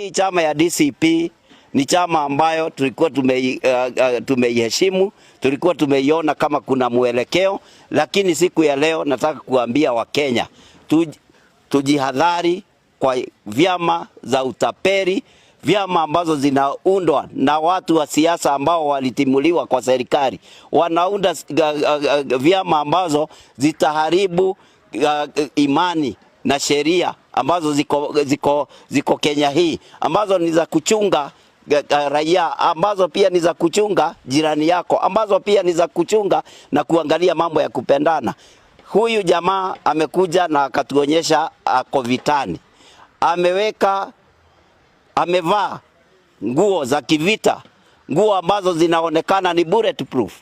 Hii chama ya DCP ni chama ambayo tulikuwa tume, uh, eh, uh, eh, tumeiheshimu, tulikuwa tumeiona kama kuna mwelekeo, lakini siku ya leo nataka kuambia Wakenya tuj, tujihadhari kwa vyama za utaperi, vyama ambazo zinaundwa na watu wa siasa ambao walitimuliwa kwa serikali, wanaunda uh, uh, vyama ambazo zitaharibu uh, uh, imani na sheria ambazo ziko, ziko, ziko Kenya hii ambazo ni za kuchunga eh, eh, raia ambazo pia ni za kuchunga jirani yako ambazo pia ni za kuchunga na kuangalia mambo ya kupendana. Huyu jamaa amekuja na akatuonyesha ako vitani, ameweka amevaa nguo za kivita, nguo ambazo zinaonekana ni bulletproof,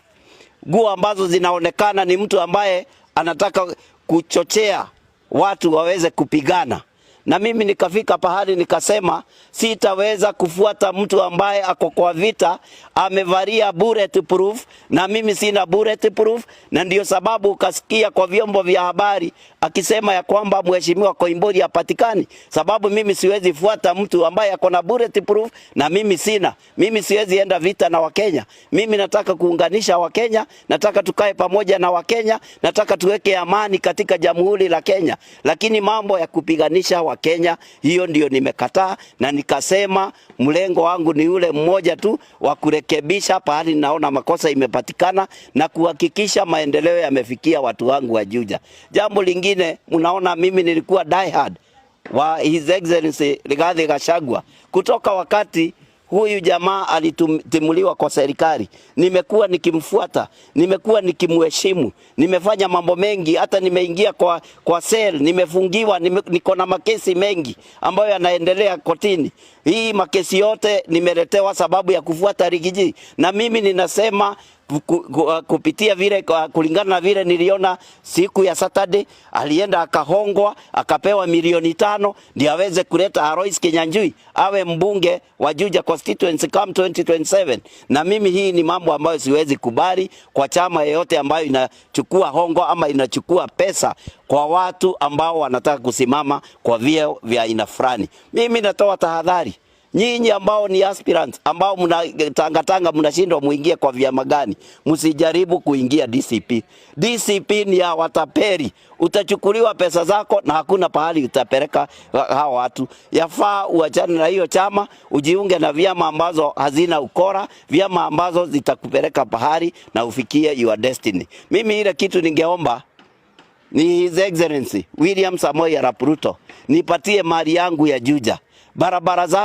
nguo ambazo zinaonekana ni mtu ambaye anataka kuchochea watu waweze kupigana na mimi nikafika pahali nikasema sitaweza kufuata mtu ambaye ako kwa vita amevalia bulletproof, na mimi sina bulletproof, na ndio sababu ukasikia kwa vyombo vya habari akisema ya kwamba mheshimiwa Koimburi hapatikani, sababu mimi siwezi fuata mtu ambaye ako na bulletproof na mimi sina. Mimi siwezi enda vita na Wakenya. Mimi nataka kuunganisha Wakenya, nataka tukae pamoja na Wakenya, nataka tuweke amani katika Jamhuri la Kenya, lakini mambo ya kupiganisha wa Kenya. Hiyo ndio nimekataa na nikasema mlengo wangu ni ule mmoja tu wa kurekebisha pahali naona makosa imepatikana na kuhakikisha maendeleo yamefikia watu wangu wa Juja. Jambo lingine, mnaona mimi nilikuwa diehard wa His Excellency Rigathi Gachagua kutoka wakati huyu jamaa alitimuliwa kwa serikali, nimekuwa nikimfuata, nimekuwa nikimheshimu, nimefanya mambo mengi, hata nimeingia kwa, kwa sel, nimefungiwa, nime, niko na makesi mengi ambayo yanaendelea kotini. Hii makesi yote nimeletewa sababu ya kufuata Rigiji, na mimi ninasema Ah, kupitia vile ah, kulingana na vile niliona siku ya Saturday, alienda akahongwa akapewa milioni tano ndio aweze kuleta Alois Kinyanjui awe mbunge wa Juja constituency come 2027. Na mimi hii ni mambo ambayo siwezi kubali kwa chama yeyote ambayo inachukua hongo ama inachukua pesa kwa watu ambao wanataka kusimama kwa vyeo vya aina fulani. Mimi natoa tahadhari. Nyinyi ambao ni aspirant ambao mnatangatanga mnashindwa muingie kwa vyama gani, msijaribu kuingia DCP. DCP ni ya wataperi, utachukuliwa pesa zako na hakuna pahali utapeleka hao watu. Yafaa uachane na hiyo chama, ujiunge na vyama ambazo hazina ukora, vyama ambazo zitakupeleka pahali na ufikie your destiny. Mimi ile kitu ningeomba ni His Excellency William Samoei Arap Ruto nipatie mali yangu ya Juja, barabara zangu